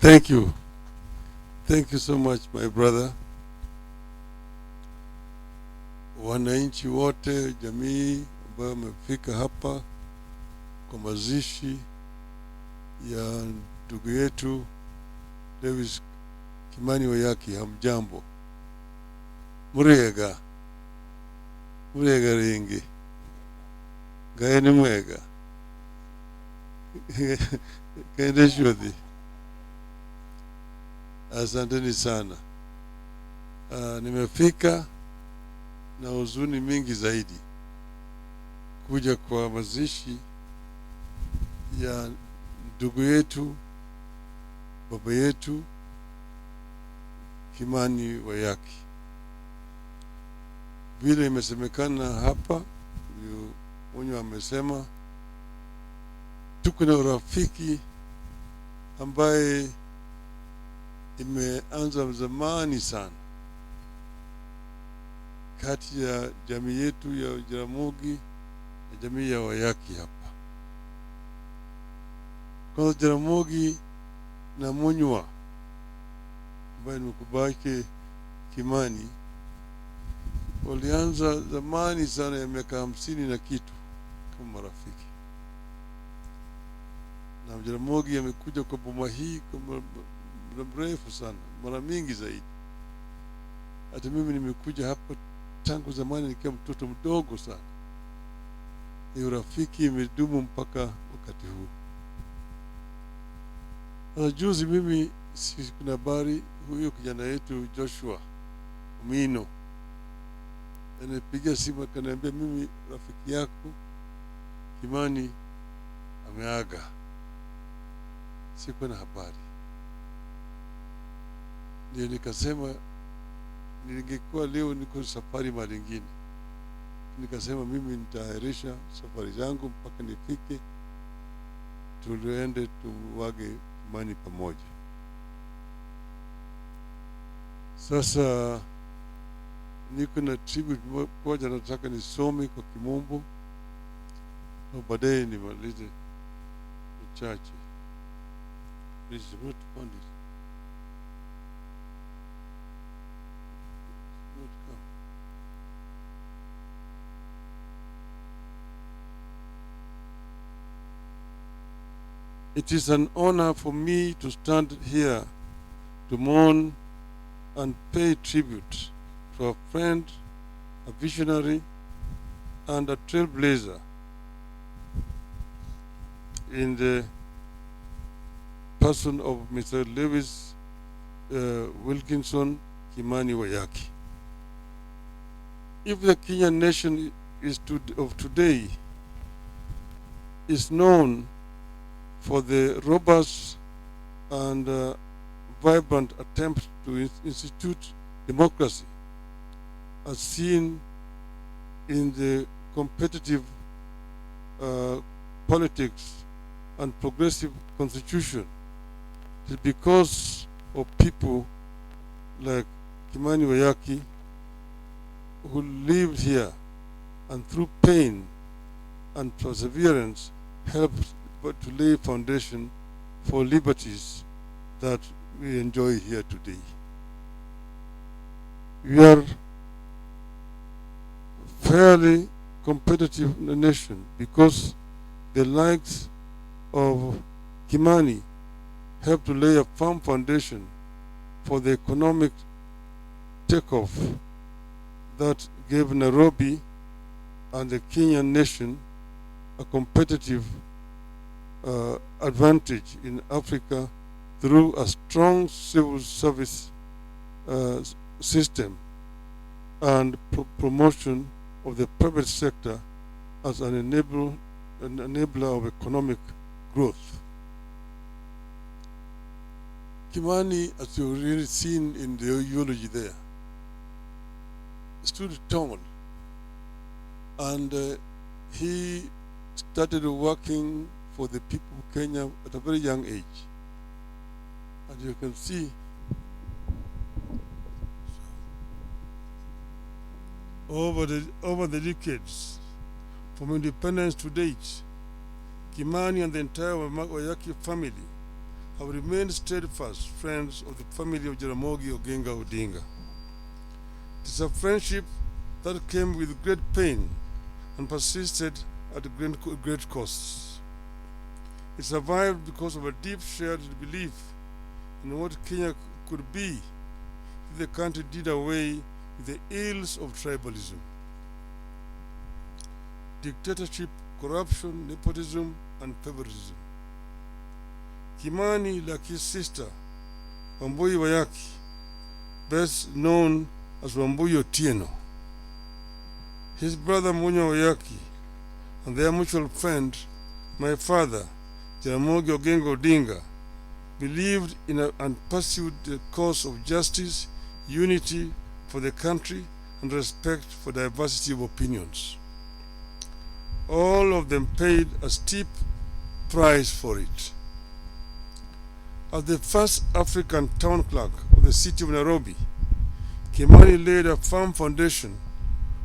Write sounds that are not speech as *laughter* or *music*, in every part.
Thank you. Thank you so much my brother. Wananchi wote, jamii ambayo wamefika hapa kwa mazishi ya ndugu yetu Davis Kimani Wayaki, hamjambo. Murega murega ringi ngaye ni mwega kaende *laughs* shodhi Asanteni sana. Uh, nimefika na huzuni mingi zaidi kuja kwa mazishi ya ndugu yetu baba yetu Kimani Wayaki. Vile imesemekana hapa, mwenye amesema tuko na urafiki ambaye imeanza zamani sana kati ya jamii yetu ya Jaramogi na jamii ya Wayaki hapa. Kwanza Jaramogi na Munywa ambaye ni mkubwa wake Kimani walianza zamani sana ya miaka hamsini na kitu kama marafiki, na Jaramogi amekuja kwa boma hii kwa muda mrefu sana, mara mingi zaidi. Hata mimi nimekuja hapa tangu zamani nikiwa mtoto mdogo sana. Ni urafiki imedumu mpaka wakati huu. Sasa juzi mimi si, kuna habari huyu kijana yetu Joshua Mino anapiga simu akaniambia, mimi rafiki yako Kimani ameaga, sikuwa na habari ndio nikasema ningekuwa leo niko safari malingine, nikasema mimi nitaahirisha safari zangu mpaka nifike, tuliende tuwage imani pamoja. Sasa niko na tribu moja nataka nisome kwa kimombo na baadaye nimalize uchache. It is an honor for me to stand here to mourn and pay tribute to a friend, a visionary, and a trailblazer in the person of Mr. Lewis uh, Wilkinson Kimani Wayaki. If the Kenyan nation is to, of today is known for the robust and uh, vibrant attempt to institute democracy, as seen in the competitive uh, politics and progressive constitution is because of people like Kimani Wayaki who lived here and through pain and perseverance helped to lay foundation for liberties that we enjoy here today. We are fairly competitive nation because the likes of Kimani helped to lay a firm foundation for the economic takeoff that gave Nairobi and the Kenyan nation a competitive uh, advantage in Africa through a strong civil service uh, system and promotion of the private sector as an, enable, an enabler of economic growth. Kimani, as you've really seen in the eulogy there, stood tall and uh, he started working for the people of Kenya at a very young age. And you can see over the, over the decades, from independence to date, Kimani and the entire Wayaki family have remained steadfast friends of the family of Jaramogi Oginga Odinga. It is a friendship that came with great pain and persisted at great, great costs. It survived because of a deep shared belief in what Kenya could be if the country did away with the ills of tribalism. Dictatorship, corruption, nepotism, and favoritism. Kimani, like his sister, Wambui Wayaki, best known as Wambuyo Tieno, his brother Munya Wayaki, and their mutual friend, my father, Jaramogi Oginga Odinga believed in a, and pursued the cause of justice, unity for the country, and respect for diversity of opinions. All of them paid a steep price for it. As the first African town clerk of the city of Nairobi, Kimani laid a firm foundation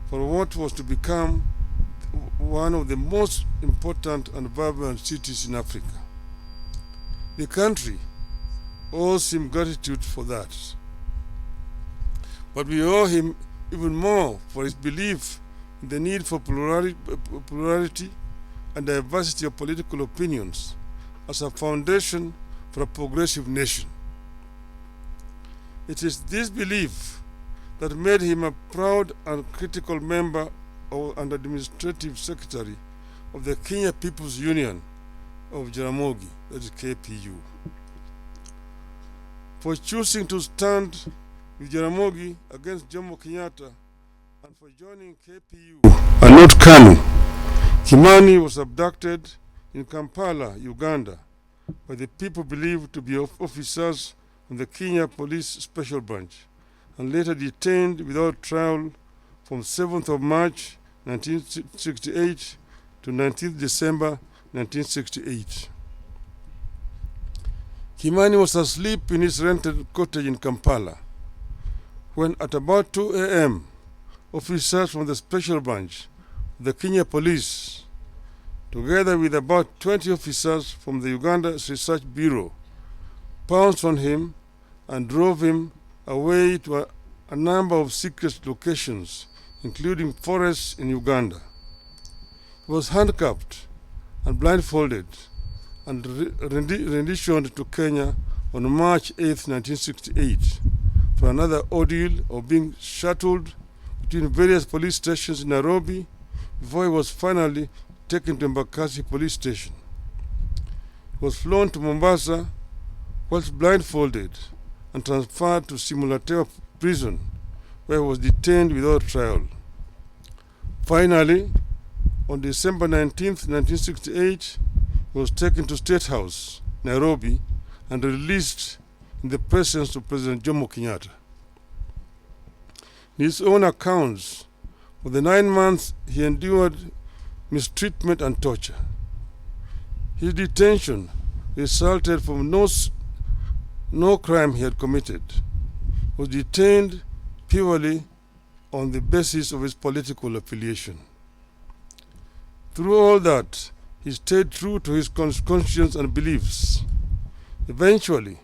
for what was to become one of the most important and vibrant cities in Africa. The country owes him gratitude for that. But we owe him even more for his belief in the need for plurality and diversity of political opinions as a foundation for a progressive nation. It is this belief that made him a proud and critical member or administrative secretary of the Kenya People's Union of Jaramogi, that is KPU. For choosing to stand with Jaramogi against Jomo Kenyatta and for joining KPU and not KANU, Kimani was abducted in Kampala, Uganda, by the people believed to be officers from the Kenya Police Special Branch and later detained without trial from 7th of March 1968 to 19th December 1968. Kimani was asleep in his rented cottage in Kampala when at about 2 a.m. officers from the special branch, the Kenya police, together with about 20 officers from the Uganda Research Bureau, pounced on him and drove him away to a, a number of secret locations including forests in Uganda. He was handcuffed and blindfolded and renditioned to Kenya on March 8, 1968, for another ordeal of being shuttled between various police stations in Nairobi before he was finally taken to Embakasi police station. He was flown to Mombasa whilst blindfolded and transferred to Simulatewa prison, where he was detained without trial. Finally, on December 19, 1968, he was taken to State House, Nairobi, and released in the presence of President Jomo Kenyatta. In his own accounts, for the nine months he endured mistreatment and torture. His detention resulted from no, no crime he had committed. He was detained purely on the basis of his political affiliation. Through all that, he stayed true to his conscience and beliefs. Eventually,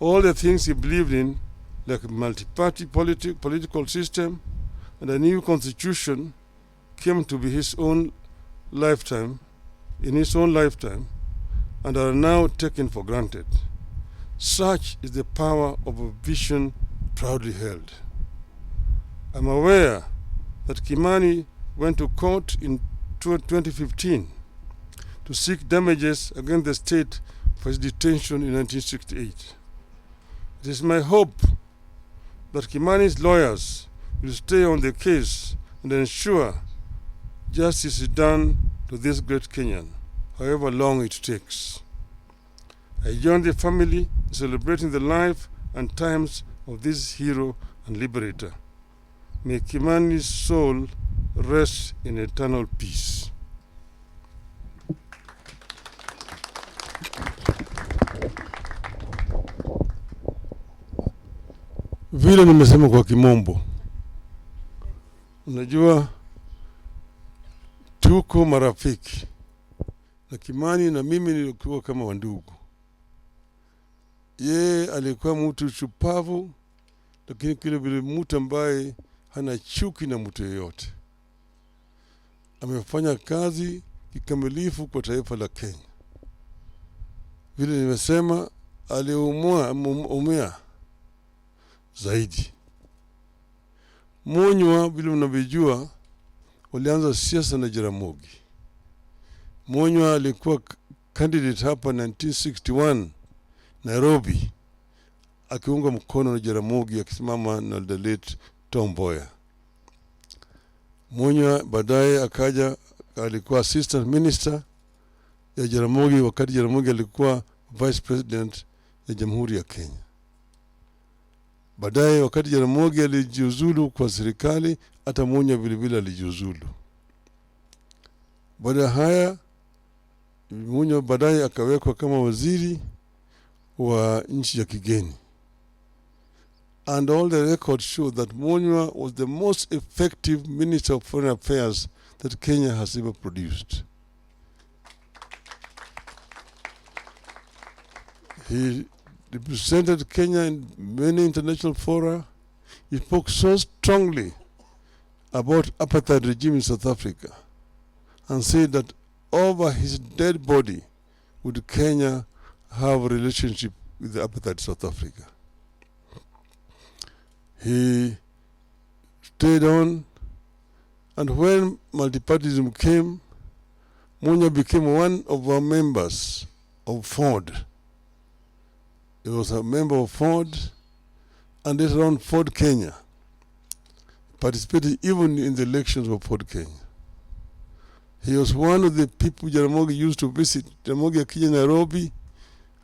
all the things he believed in, like a multi-party politi political system and a new constitution, came to be his own lifetime, in his own lifetime, and are now taken for granted. Such is the power of a vision proudly held. I'm aware that Kimani went to court in 2015 to seek damages against the state for his detention in 1968. It is my hope that Kimani's lawyers will stay on the case and ensure justice is done to this great Kenyan, however long it takes. I join the family in celebrating the life and times of this hero and liberator. May Kimani's soul rest in eternal peace. Vile nimesema kwa kimombo, unajua tuko marafiki na Kimani na mimi nilikuwa kama wandugu. Yeye alikuwa mtu shupavu, lakini kile vile mtu ambaye hana chuki na mtu yeyote. Amefanya kazi kikamilifu kwa taifa la Kenya. Vile nimesema, aliumea zaidi. Munywa, vile mnavyojua, walianza siasa na Jaramogi. Munywa alikuwa candidate hapa 1961 Nairobi, akiunga mkono na Jaramogi, akisimama na the late tomboya Munya baadaye akaja alikuwa assistant minister ya Jaramogi, wakati Jaramogi alikuwa vice president ya Jamhuri ya Kenya. Baadaye wakati Jaramogi alijiuzulu kwa serikali, hata Munya vilevile alijiuzulu. Baada ya haya, Munya baadaye akawekwa kama waziri wa nchi ya kigeni. and all the records show that Munywa was the most effective Minister of Foreign Affairs that Kenya has ever produced. He represented Kenya in many international fora. He spoke so strongly about apartheid regime in South Africa and said that over his dead body would Kenya have a relationship with the apartheid South Africa he stayed on. And when multipartyism came, Munya became one of our members of Ford. He was a member of Ford and later on Ford Kenya. Participated even in the elections of Ford Kenya. He was one of the people Jaramogi used to visit. Jaramogi akija Nairobi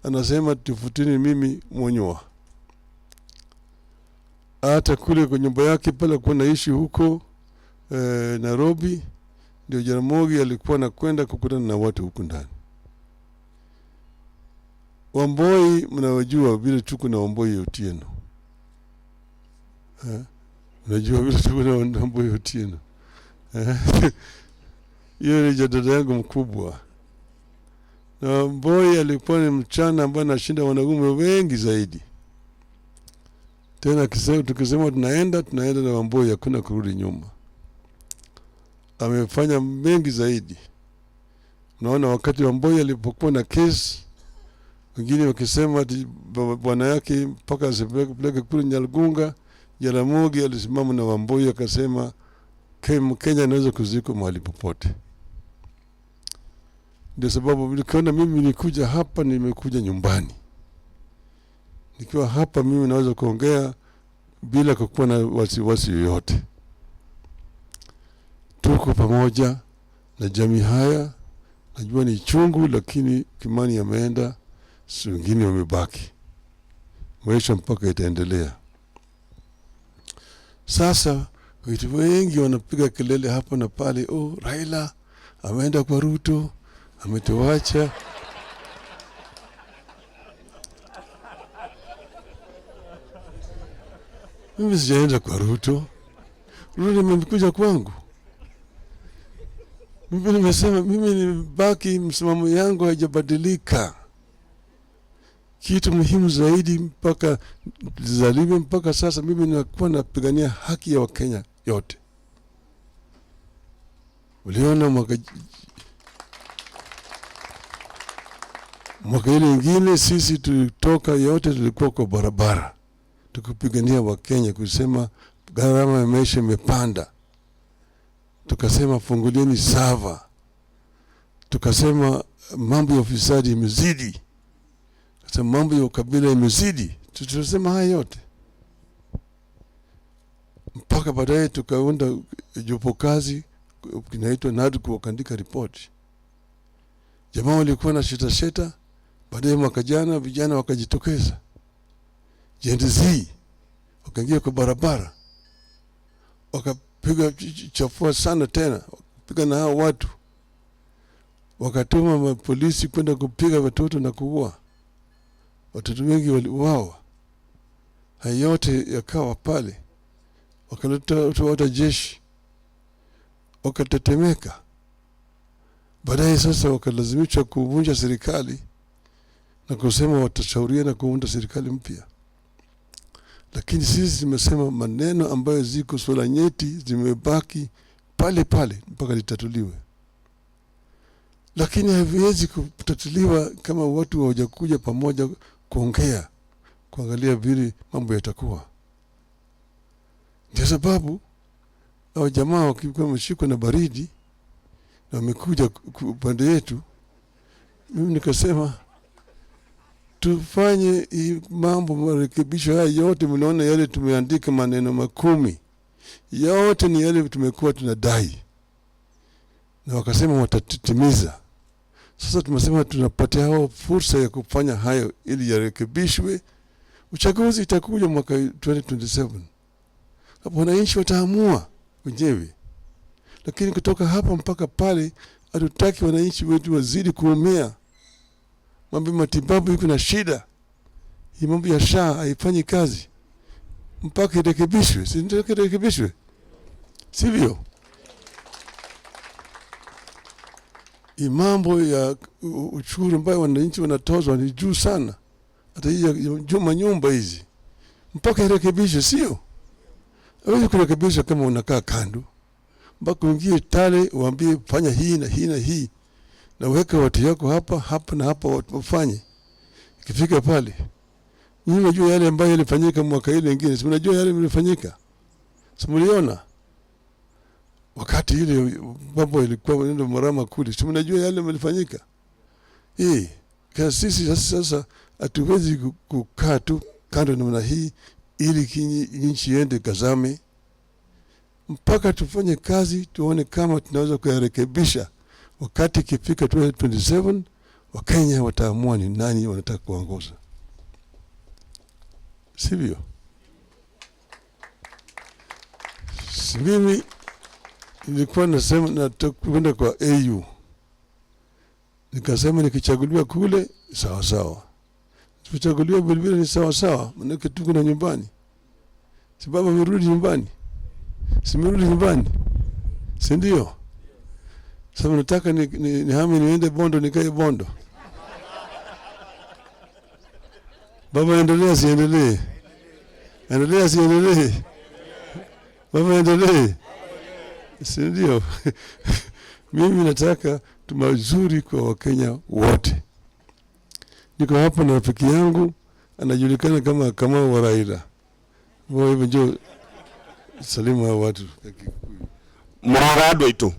and anasema tufutini mimi Munywa. hata kule kwa nyumba yake pale alikuwa naishi huko e, Nairobi, ndio Jaramogi alikuwa nakwenda kukutana na watu huku ndani. Wamboi mnawajua vile tuko na Wamboi Otieno, unajua eh, vile tuko na Wamboi Otieno eh, *laughs* hiyo ni jadada yangu mkubwa. Na Wamboi alikuwa ni mchana ambaye anashinda wanaume wengi zaidi. Tena kisema, tukisema tunaenda tunaenda na Wamboi, hakuna kurudi nyuma. Amefanya mengi zaidi. Naona wakati Wamboi alipokuwa na kesi, wengine wakisema bwana yake mpaka asipeleke kule Nyalgunga, Jaramogi alisimama na Wamboi akasema Mkenya anaweza kuzikwa mahali popote. Ndio sababu nikaona mimi nilikuja hapa, nimekuja nyumbani nikiwa hapa mimi naweza kuongea bila kukuwa na wasiwasi yoyote. Tuko pamoja na jamii haya, najua ni chungu, lakini Kimani ameenda, wengine wamebaki, maisha mpaka itaendelea. Sasa vitu wengi wanapiga kelele hapa na pale, oh, Raila ameenda kwa Ruto, ametuacha. Mimi sijaenda kwa Ruto. Ruto nimekuja kwangu. Mimi nimesema mimi ni baki msimamo yangu haijabadilika. Kitu muhimu zaidi mpaka zalivyo mpaka sasa, mimi nakuwa napigania haki ya Wakenya yote. Uliona mwaka mwaka ile ingine sisi tulitoka yote tulikuwa kwa barabara tukupigania Wakenya kusema gharama ya maisha imepanda, tukasema fungulieni sava, tukasema mambo ya ufisadi imezidi, tukasema mambo ya ukabila imezidi. Tutasema haya yote mpaka baadaye tukaunda jopo kazi kinaitwa NADCU wakaandika ripoti. Jamaa walikuwa na shetasheta, baadaye mwaka jana vijana wakajitokeza Gen Z wakaingia kwa barabara wakapiga chafua sana tena, wakapiga na hao watu, wakatuma mapolisi kwenda kupiga watoto na kuua watoto, wengi waliuawa. hayote yote yakawa pale, wakaleta wata jeshi, wakatetemeka. Baadaye sasa wakalazimishwa kuvunja serikali na kusema watashauriana kuunda serikali mpya lakini sisi tumesema maneno ambayo ziko swala nyeti zimebaki pale pale mpaka litatuliwe, lakini haviwezi kutatuliwa kama watu hawajakuja pamoja kuongea, kuangalia vile mambo yatakuwa. Ndio sababu au jamaa wakikuwa wameshikwa na baridi na wamekuja upande yetu, mimi nikasema tufanye mambo marekebisho haya yote. Mnaona yale tumeandika maneno makumi yote ni yale tumekuwa tunadai, na wakasema watatimiza. Sasa tumesema tunapatia hao fursa ya kufanya hayo ili yarekebishwe. Uchaguzi itakuja mwaka 2027 hapo wananchi wataamua wenyewe, lakini kutoka hapa mpaka pale hatutaki wananchi wetu wazidi kuumia mambo ya matibabu iko na shida, hii mambo ya shaa haifanyi kazi mpaka irekebishwe, si irekebishwe, sivyo? Hii mambo ya ushuru ambayo wananchi wanatozwa ni juu sana, hata hii juma nyumba hizi mpaka irekebishwe, sio? Hawezi kurekebisha kama unakaa kando mpaka uingie tale uambie fanya hii na hii na hii na weka watu yako hapa hapa na hapa, watu wafanye. Ikifika pale, nyinyi mnajua yale ambayo yalifanyika mwaka ile ingine, si mnajua yale yalifanyika, si wakati ile mambo ilikuwa ndio marama kuli, si mnajua yale yalifanyika. Eh, kasi sisi sasa hatuwezi kukaa tu kando namna hii ili nchi iende kazame, mpaka tufanye kazi tuone kama tunaweza kuyarekebisha. Wakati ikifika 2027 Wakenya wataamua ni nani wanataka kuongoza, sivyo? Si mimi nilikuwa nasema natakwenda kwa AU nikasema nikichaguliwa kule sawasawa, kuchaguliwa vilevile ni sawasawa, manake tuko na nyumbani. sababu baba amerudi nyumbani, simerudi nyumbani, si ndio? Sasa nataka ni, ni, nihame niende Bondo nikae Bondo. Baba endelee asiendelee? Endelee asiendelee? Baba endelee? Si ndio? *laughs* Mimi nataka tumazuri kwa Wakenya wote. Niko hapa na rafiki yangu anajulikana kama kama waraila Wao hivyo salimu hao watu. mwaradwa itu